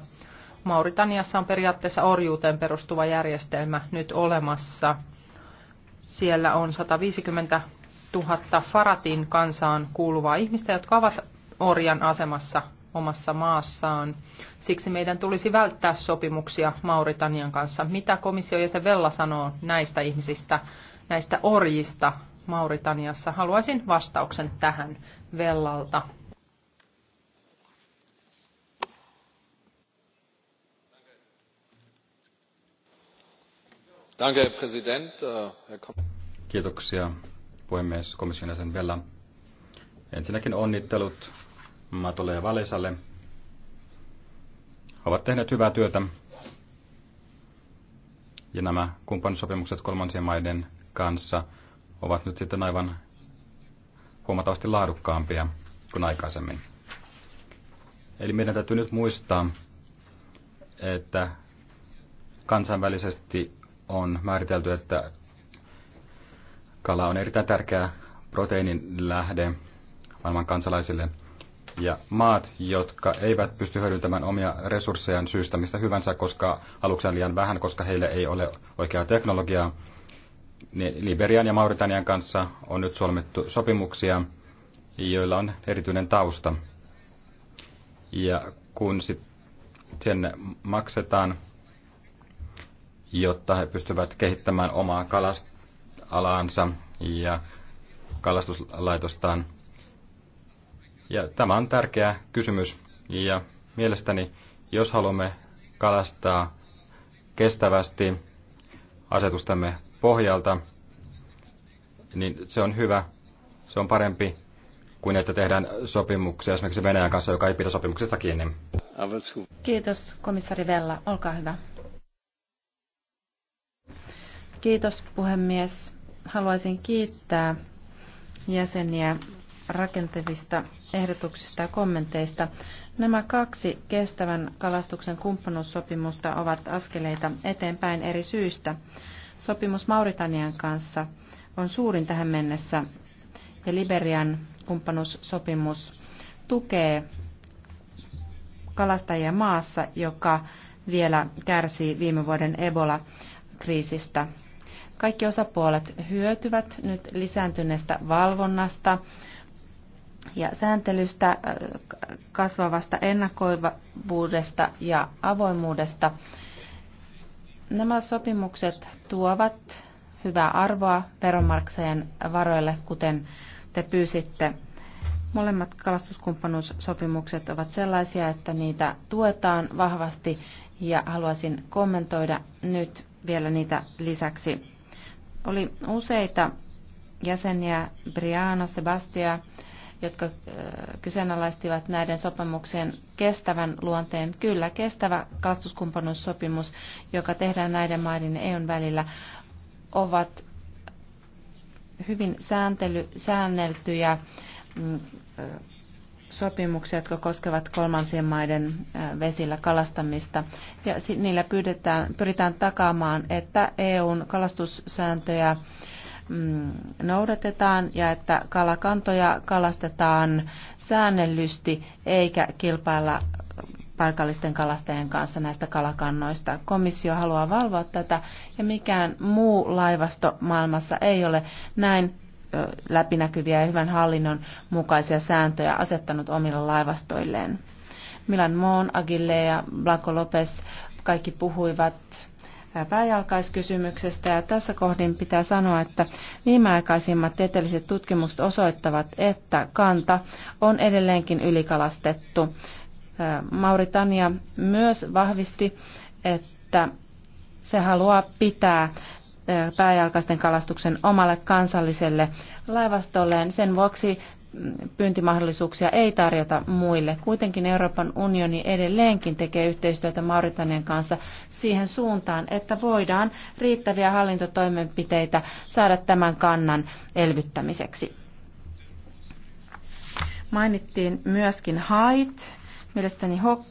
Mauritaniassa on periaatteessa orjuuteen perustuva järjestelmä nyt olemassa. Siellä on 150 000 Faratin kansaan kuuluvaa ihmistä, jotka ovat orjan asemassa omassa maassaan. Siksi meidän tulisi välttää sopimuksia Mauritanian kanssa. Mitä komissio ja se Vella sanoo näistä ihmisistä, näistä orjista Mauritaniassa? Haluaisin vastauksen tähän Vellalta. Äh, Kiitoksia puhemies komission jäsen Vella. Ensinnäkin onnittelut Matolle ja Valesalle. He ovat tehneet hyvää työtä. Ja nämä kumppanisopimukset kolmansien maiden kanssa ovat nyt sitten aivan huomattavasti laadukkaampia kuin aikaisemmin. Eli meidän täytyy nyt muistaa, että kansainvälisesti on määritelty, että kala on erittäin tärkeä proteiinin lähde maailman kansalaisille – ja maat, jotka eivät pysty hyödyntämään omia resurssejaan syystä mistä hyvänsä, koska aluksen liian vähän, koska heille ei ole oikeaa teknologiaa, niin Liberian ja Mauritanian kanssa on nyt solmittu sopimuksia, joilla on erityinen tausta. Ja kun sitten maksetaan, jotta he pystyvät kehittämään omaa kalastalaansa ja kalastuslaitostaan, ja tämä on tärkeä kysymys ja mielestäni, jos haluamme kalastaa kestävästi asetustamme pohjalta, niin se on hyvä. Se on parempi kuin että tehdään sopimuksia esimerkiksi Venäjän kanssa, joka ei pidä sopimuksesta kiinni. Kiitos, komissari Vella. Olkaa hyvä. Kiitos, puhemies. Haluaisin kiittää jäseniä rakentavista ehdotuksista ja kommenteista. Nämä kaksi kestävän kalastuksen kumppanuussopimusta ovat askeleita eteenpäin eri syistä. Sopimus Mauritanian kanssa on suurin tähän mennessä ja Liberian kumppanuussopimus tukee kalastajia maassa, joka vielä kärsii viime vuoden Ebola-kriisistä. Kaikki osapuolet hyötyvät nyt lisääntyneestä valvonnasta, ja sääntelystä, kasvavasta ennakoivuudesta ja avoimuudesta. Nämä sopimukset tuovat hyvää arvoa veronmaksajien varoille, kuten te pyysitte. Molemmat kalastuskumppanuussopimukset ovat sellaisia, että niitä tuetaan vahvasti ja haluaisin kommentoida nyt vielä niitä lisäksi. Oli useita jäseniä, Briano, Sebastia, jotka kyseenalaistivat näiden sopimuksien kestävän luonteen. Kyllä, kestävä kalastuskumppanuussopimus, joka tehdään näiden maiden ja EUn välillä, ovat hyvin sääntely, säänneltyjä mm, sopimuksia, jotka koskevat kolmansien maiden vesillä kalastamista. Ja niillä pyydetään, pyritään takaamaan, että EUn kalastussääntöjä Mm, noudatetaan ja että kalakantoja kalastetaan säännellysti eikä kilpailla paikallisten kalastajien kanssa näistä kalakannoista. Komissio haluaa valvoa tätä ja mikään muu laivasto maailmassa ei ole näin läpinäkyviä ja hyvän hallinnon mukaisia sääntöjä asettanut omille laivastoilleen. Milan Moon, Agille ja Blanco Lopez kaikki puhuivat pääjalkaiskysymyksestä. Ja tässä kohdin pitää sanoa, että viimeaikaisimmat tieteelliset tutkimukset osoittavat, että kanta on edelleenkin ylikalastettu. Mauritania myös vahvisti, että se haluaa pitää pääjalkaisten kalastuksen omalle kansalliselle laivastolleen. Sen vuoksi pyyntimahdollisuuksia ei tarjota muille. Kuitenkin Euroopan unioni edelleenkin tekee yhteistyötä Mauritanian kanssa siihen suuntaan, että voidaan riittäviä hallintotoimenpiteitä saada tämän kannan elvyttämiseksi. Mainittiin myöskin hait. Mielestäni Hok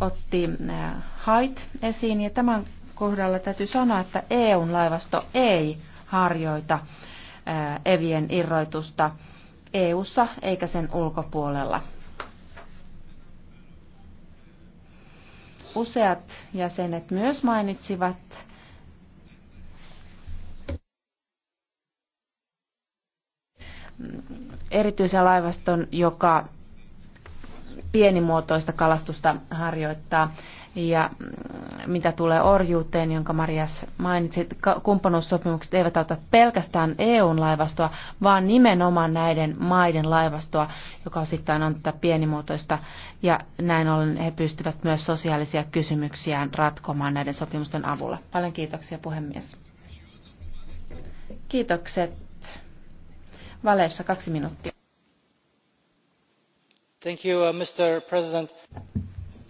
otti äh, hait esiin ja tämän kohdalla täytyy sanoa, että EUn laivasto ei harjoita äh, evien irroitusta EU:ssa eikä sen ulkopuolella. Useat jäsenet myös mainitsivat erityisen laivaston, joka pienimuotoista kalastusta harjoittaa. Ja mm, mitä tulee orjuuteen, jonka Marias mainitsi, kumppanuussopimukset eivät auta pelkästään EUn laivastoa, vaan nimenomaan näiden maiden laivastoa, joka osittain on tätä pienimuotoista. Ja näin ollen he pystyvät myös sosiaalisia kysymyksiään ratkomaan näiden sopimusten avulla. Paljon kiitoksia puhemies. Kiitokset. Valeessa kaksi minuuttia. Thank you, uh, Mr. President.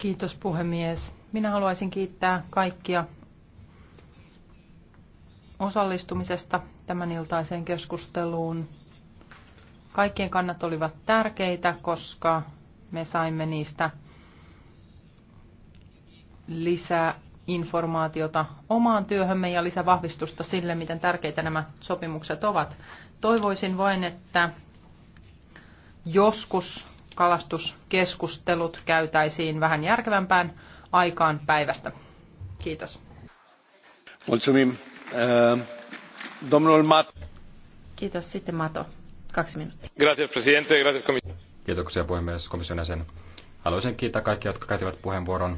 Kiitos puhemies. Minä haluaisin kiittää kaikkia osallistumisesta tämän iltaiseen keskusteluun. Kaikkien kannat olivat tärkeitä, koska me saimme niistä lisää informaatiota omaan työhömme ja lisävahvistusta sille, miten tärkeitä nämä sopimukset ovat. Toivoisin vain, että joskus kalastuskeskustelut käytäisiin vähän järkevämpään aikaan päivästä. Kiitos. Mulțumim. Eh, domnul Mat. Kiitos. Sitten Mato. Kaksi minuuttia. Grazie presidente. grazie Kiitoksia puhemies komission jäsen. Haluaisin kiittää kaikkia, jotka käytivät puheenvuoron.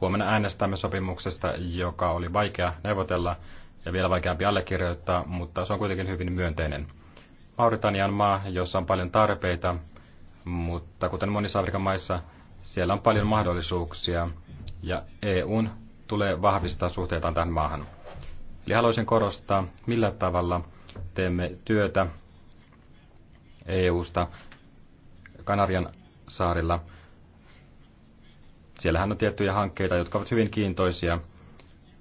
Huomenna äänestämme sopimuksesta, joka oli vaikea neuvotella ja vielä vaikeampi allekirjoittaa, mutta se on kuitenkin hyvin myönteinen. Mauritanian maa, jossa on paljon tarpeita mutta kuten monissa Afrikan maissa, siellä on paljon mahdollisuuksia ja EUn tulee vahvistaa suhteitaan tähän maahan. Eli haluaisin korostaa, millä tavalla teemme työtä EUsta Kanarian saarilla. Siellähän on tiettyjä hankkeita, jotka ovat hyvin kiintoisia,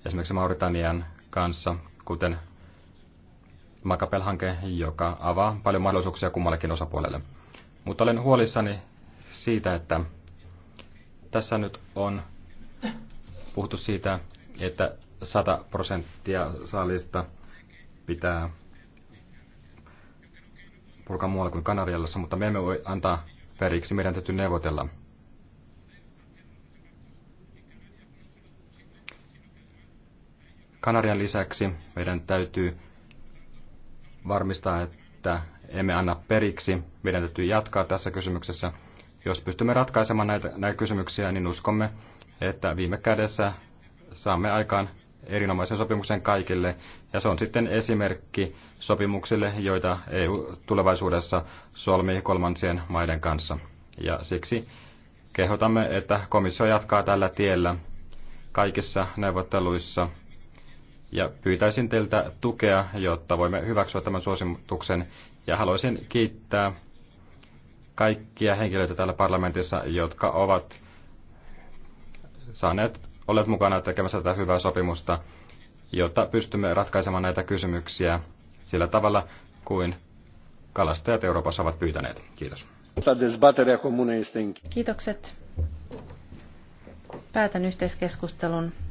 esimerkiksi Mauritanian kanssa, kuten Makapel-hanke, joka avaa paljon mahdollisuuksia kummallekin osapuolelle. Mutta olen huolissani siitä, että tässä nyt on puhuttu siitä, että 100 prosenttia saalista pitää purkaa muualla kuin Kanarialassa, mutta me emme voi antaa periksi, meidän täytyy neuvotella. Kanarian lisäksi meidän täytyy varmistaa, että emme anna periksi. Meidän täytyy jatkaa tässä kysymyksessä. Jos pystymme ratkaisemaan näitä, näitä kysymyksiä, niin uskomme, että viime kädessä saamme aikaan erinomaisen sopimuksen kaikille. Ja se on sitten esimerkki sopimuksille, joita EU tulevaisuudessa solmii kolmansien maiden kanssa. Ja siksi kehotamme, että komissio jatkaa tällä tiellä kaikissa neuvotteluissa ja pyytäisin teiltä tukea, jotta voimme hyväksyä tämän suosituksen ja haluaisin kiittää kaikkia henkilöitä täällä parlamentissa, jotka ovat saaneet olleet mukana tekemässä tätä hyvää sopimusta, jotta pystymme ratkaisemaan näitä kysymyksiä sillä tavalla kuin kalastajat Euroopassa ovat pyytäneet. Kiitos. Kiitokset. Päätän yhteiskeskustelun.